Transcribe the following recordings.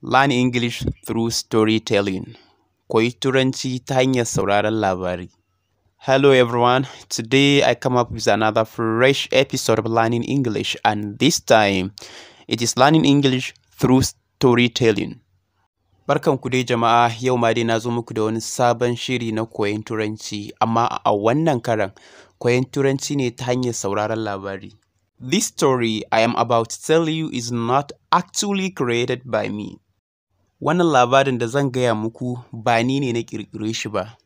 Learn English through storytelling (Koyi Turanci ta hanyar sauraron labari) Hello everyone, today I come up with another fresh episode of Learning English and this time it is Learning English through storytelling. ku dai jama'a yau ma dai na zo muku da wani sabon shiri na koyon Turanci amma a wannan karan koyon Turanci ne ta hanyar sauraron labari. This story I am about to tell you is not actually created by me. Wannan labarin da zan gaya muku ba ni ne na ƙirƙire shi ba.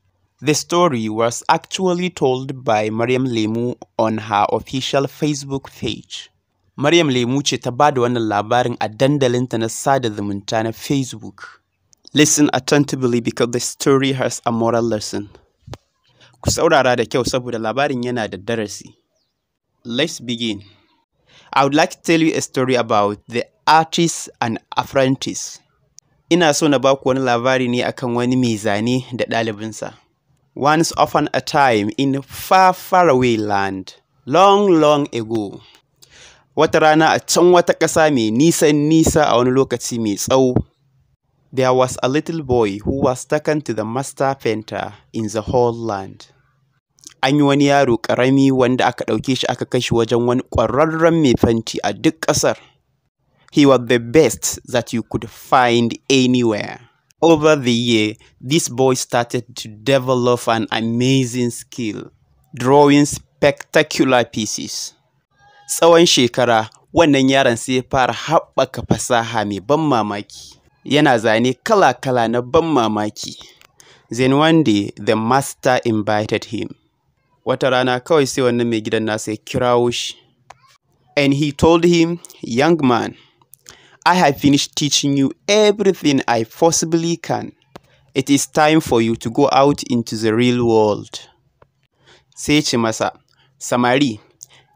The story was actually told by Maryam Lemu on her official Facebook page. Maryam Lemu ce ta ba da wannan labarin a dandalinta na sada zumunta na Facebook. Listen attentively because the story has a moral lesson. Ku saurara da kyau saboda labarin yana da darasi. Let's begin. I would like to tell you a story about the artist and apprentice. Ina so na baku wani labari ne akan wani mai zane da ɗalibinsa. Once upon a time in far far away land, long long ago. Wata rana a can wata ƙasa mai nisan nisa a wani lokaci mai tsawo. There was a little boy who was taken to the master painter in the whole land. an yi wani yaro ƙarami wanda aka ɗauke shi aka kashi wajen wani ƙwararren mai fenti a duk ƙasar. He was the best that you could find anywhere. Over the year, this boy started to develop an amazing skill, drawing spectacular pieces. Tsawon shekara, wannan yaron sai ya fara haɓaka fasaha mai ban mamaki. Yana zane kala-kala na ban mamaki. Then one day, the master invited him. Wata rana kawai sai wannan mai gidan nasa ya kirawo shi. And he told him, young man, I have finished teaching you everything I possibly can. It is time for you to go out into the real world. Sai ce masa, Samari,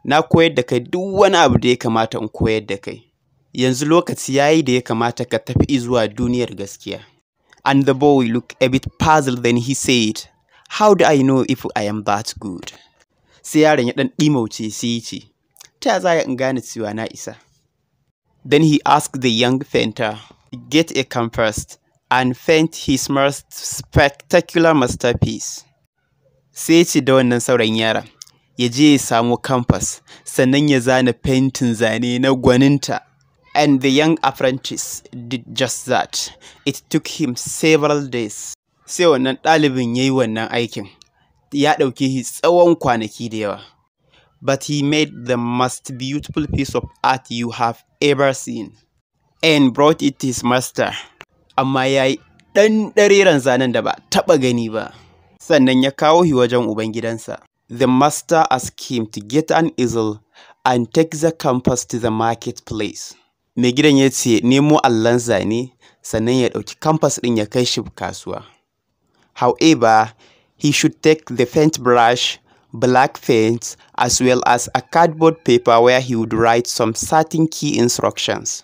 na koyar da kai duk wani abu da ya kamata in koyar da kai. Yanzu lokaci ya yi da ya kamata ka tafi zuwa duniyar gaskiya. And the boy looked a bit puzzled then he said, How do I know if I am that good? Sai yaron ya ɗan ɗimauce sai ya ce, Ta za in gane cewa na isa? Then he asked the young painter, get a canvas and paint his most spectacular masterpiece. Sai ce da wannan sauran yara ya je ya samu canvas sannan ya zana fentin zane na gwaninta. And the young apprentice did just that. It took him several days. Sai wannan ɗalibin ya yi wannan aikin. Ya ɗauki shi tsawon kwanaki da yawa. But he made the most beautiful piece of art you have ever seen. And brought it his master, amma ya yi ɗan ɗareren zanen da ba taɓa gani ba. Sannan ya kawo shi wajen Ubangidansa. The master asked him to get an easel and take the compass to the marketplace. Mai gidan ya ce nemo allon zane sannan ya ɗauki compass ɗin ya kai shi kasuwa. However, he should take the paint brush black paints, as well as a cardboard paper where he would write some certain key instructions.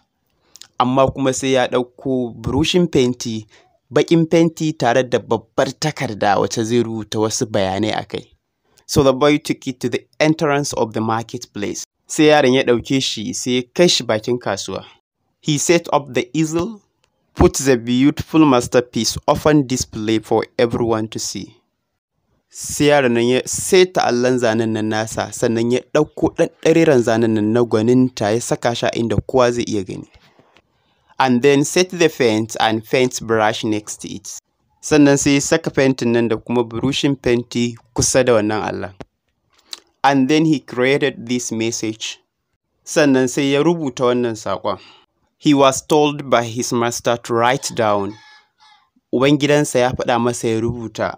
Amma kuma sai ya ɗauko burushin fenti, baƙin fenti tare da babbar takarda wacce zai rubuta wasu bayanai a kai. So the boy took it to the entrance of the marketplace. Sai yaron ya ɗauke shi sai ya kai shi bakin kasuwa. He set up the easel, put the beautiful masterpiece often display for everyone to see. sai yaron nan ya seta allon zanen nan nasa sannan ya ɗauko ɗan ɗariran zanen nan na gwaninta ya saka sha inda kowa zai iya gani and then set the paint and paint brush next to it sannan sai saka fentin nan da kuma burushin fenti kusa da wannan allon and then he created this message sannan sai ya rubuta wannan saƙon he was told by his master to write down ubangidansa ya faɗa masa ya rubuta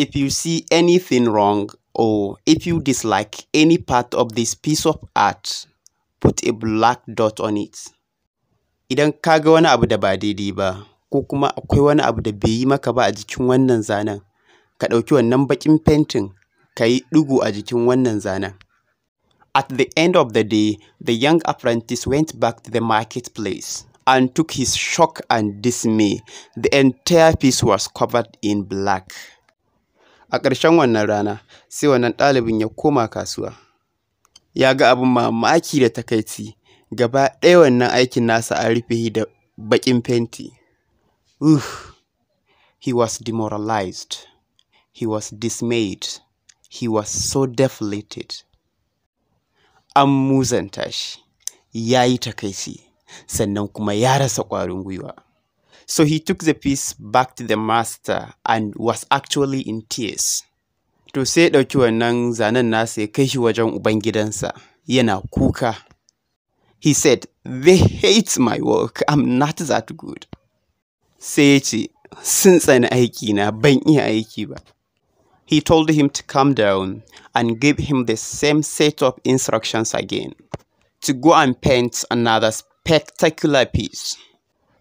If you see anything wrong or if you dislike any part of this piece of art, put a black dot on it. Idan ka ga wani abu da ba daidai ba, ko kuma akwai wani abu da bai yi maka ba a jikin wannan zanen, ka ɗauki wannan bakin fentin ka yi ɗugu a jikin wannan zanen. At the end of the day, the young apprentice went back to the marketplace and took his shock and dismay. The entire piece was covered in black. A ƙarshen wannan rana, sai wannan ɗalibin ya koma kasuwa. Ya ga abin mamaki da takaici, gaba ɗaya wannan aikin nasa a rufe da baƙin fenti. Uh! He was demoralized. He was dismayed. He was so deflated. An muzanta shi, ya yi takaici, sannan kuma ya rasa ƙwarin gwiwa. So he took the piece back to the master and was actually in tears. To sai ɗauki wannan zanen nasa ya kai shi wajen Ubangidansa yana kuka. He said, They hate my work, I'm not that good. Sai ya ce, Sun tsani aikina, ban iya aiki ba. He told him to calm down and give him the same set of instructions again to go and paint another spectacular piece.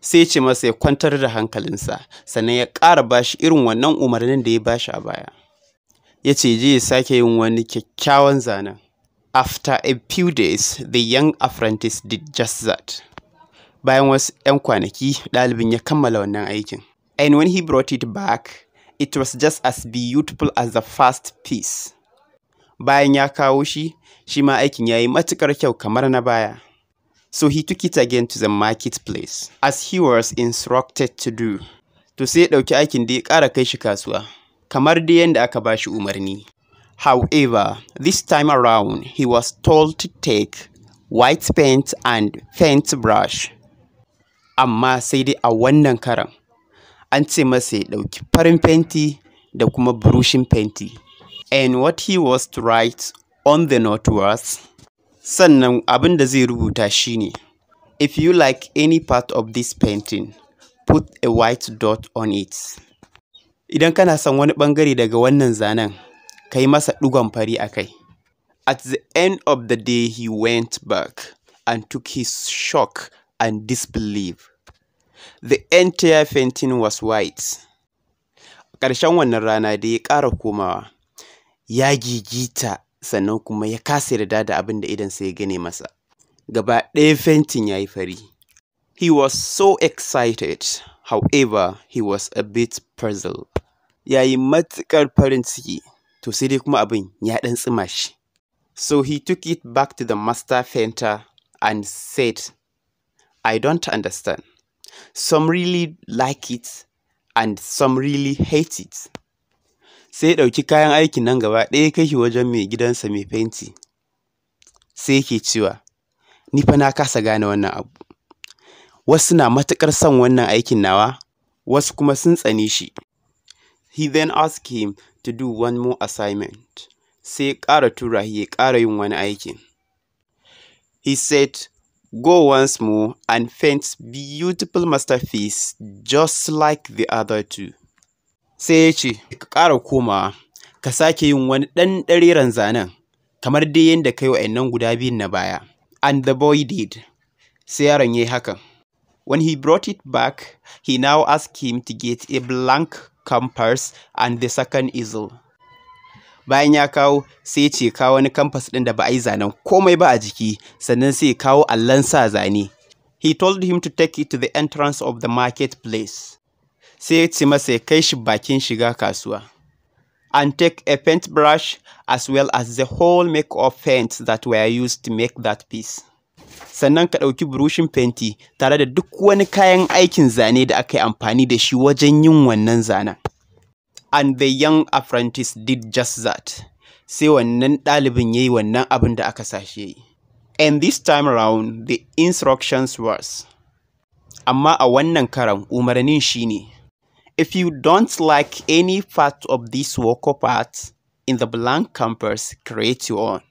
sai ce masa ya kwantar da hankalinsa sannan ya ƙara ba shi irin wannan umarnin da ya ba shi a baya ya ce je ya sake yin wani kyakkyawan zanen after a few days the young apprentice did just that bayan wasu 'yan kwanaki ɗalibin ya kammala wannan aikin and when he brought it back it was just as beautiful as the first piece bayan ya kawo shi shi ma aikin ya yi matuƙar kyau kamar na baya So he took it again to the marketplace, as he was instructed to do. To sai ɗauki aikin da ya ƙara kai shi kasuwa, kamar dai yadda aka ba shi umarni. However, this time around, he was told to take white paint and paint brush. Amma sai dai a wannan karan, an ce masa ya ɗauki farin fenti da kuma burushin fenti. And what he was to write on the note was, Sannan abin da zai rubuta shi ne, If you like any part of this painting, put a white dot on it. Idan kana son wani ɓangare daga wannan zanen, ka yi masa ɗigon fari a kai. At the end of the day he went back and took his shock and disbelief. The entire painting was white. Ƙarshen wannan rana da ya ƙara komawa, ya gigita sannan kuma ya kasa yarda da abin da idansa ya gane masa. Gaba ɗaya fentin ya yi fari. He was so excited, however, he was a bit puzzled. Ya yi matuƙar farin ciki, to sai dai kuma abin ya ɗan tsima shi. So he took it back to the master fenter and said, I don't understand. Some really like it and some really hate it. sai ɗauki kayan aikin nan gaba ɗaya ya kai wajen mai gidansa mai fenti sai yake cewa ni fa na kasa gane wannan abu wasu na matuƙar son wannan aikin nawa wasu kuma sun tsani shi he then asked him to do one more assignment sai ya ƙara tura ya ƙara yin wani aikin he said go once more and paint beautiful masterpiece just like the other two sai ya ce ka ƙara komawa ka sake yin wani ɗan ɗariran zanen kamar dai yadda kai wa guda biyun na baya and the boy did sai yaron yi hakan when he brought it back he now asked him to get a blank compass and the second easel bayan ya kawo sai ya ce kawo wani canvas ɗin da ba a yi zanen komai ba a jiki sannan sai ya kawo allon sa zane he told him to take it to the entrance of the marketplace sai ya ya kai shi bakin shiga kasuwa. And take a paintbrush as well as the whole make-up paint that were used to make that piece. Sannan ka ɗauki burushin fenti tare da duk wani kayan aikin zane da aka yi amfani da shi wajen yin wannan zanen. And the young apprentice did just that. Sai wannan ɗalibin ya yi wannan abin da aka sashe yi. And this time around, the instructions was. Amma a wannan karan umarnin shi ne. If you don't like any part of this work of in the blank canvas, create your own.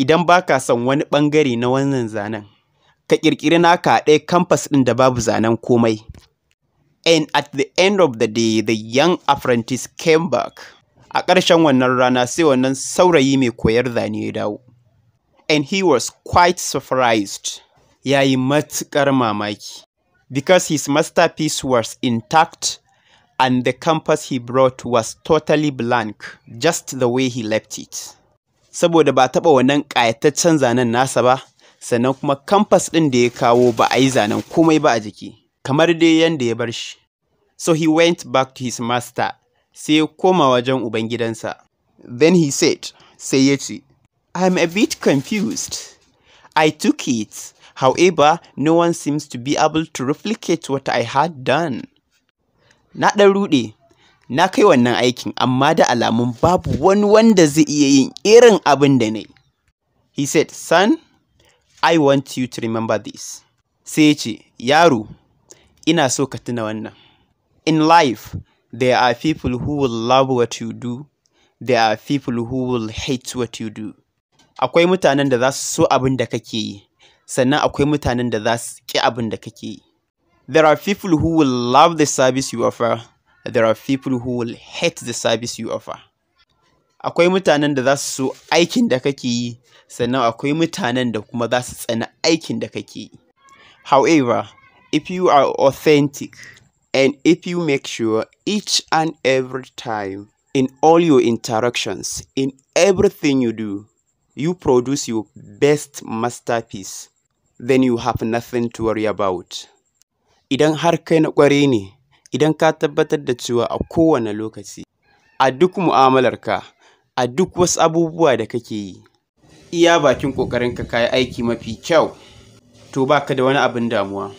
Idan ba ka son wani bangare na wannan zanen, ka kirkiri naka a ɗaya canvas ɗin da babu zanen komai. And at the end of the day, the young apprentice came back. A ƙarshen wannan rana sai wannan saurayi mai koyar zane ya dawo. And he was quite surprised. Ya yi matuƙar mamaki. because his masterpiece was intact and the canvas he brought was totally blank, just the way he left it. Saboda ba taɓa wannan kayataccen zanen nasa ba, sannan kuma canvas ɗin da ya kawo ba a yi zanen komai ba a jiki, kamar dai yadda ya bar shi. So he went back to his master, sai ya koma wajen Ubangidansa. Then he said, sai ya ce, I'm a bit confused. I took it However, no one seems to be able to replicate what I had done. Na ɗan ruɗe, na kai wannan aikin amma da alamun babu wani wanda zai iya yin irin abin da na He said, son, I want you to remember this. Sai ya ce, yaro, ina so ka tuna wannan. In life, there are people who will love what you do, there are people who will hate what you do. Akwai mutanen da za su so abin da kake yi, sannan akwai mutanen da za su ƙi abin da kake yi. There are people who will love the service you offer, there are people who will hate the service you offer. Akwai mutanen da za su so aikin da kake yi, sannan akwai mutanen da kuma za su tsana aikin da kake yi. However, if you are authentic and if you make sure each and every time in all your interactions, in everything you do, you produce your best masterpiece. then you have nothing to worry about. Idan har kai na ƙware ne, idan ka tabbatar da cewa a kowane lokaci, a duk mu'amalarka, a duk wasu abubuwa da kake yi, iya bakin ƙoƙarinka ka kayi aiki mafi kyau, to ba ka da wani abin damuwa.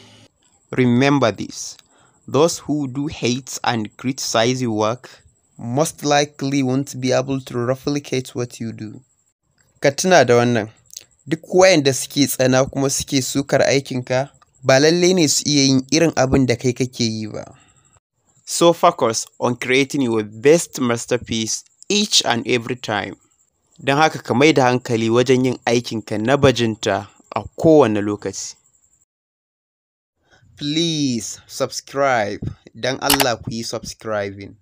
Remember this, those who do hate and criticize your work most likely won't be able to replicate what you do. Ka tuna da wannan. Duk wayanda suke tsana kuma suke sukar aikinka, ba lallai ne su iya yin irin abin da kai kake yi ba. So focus on creating your best masterpiece each and every time. Don haka ka mai da hankali wajen yin aikinka na bajinta a kowane lokaci. Please subscribe, don Allah ku yi subscribing.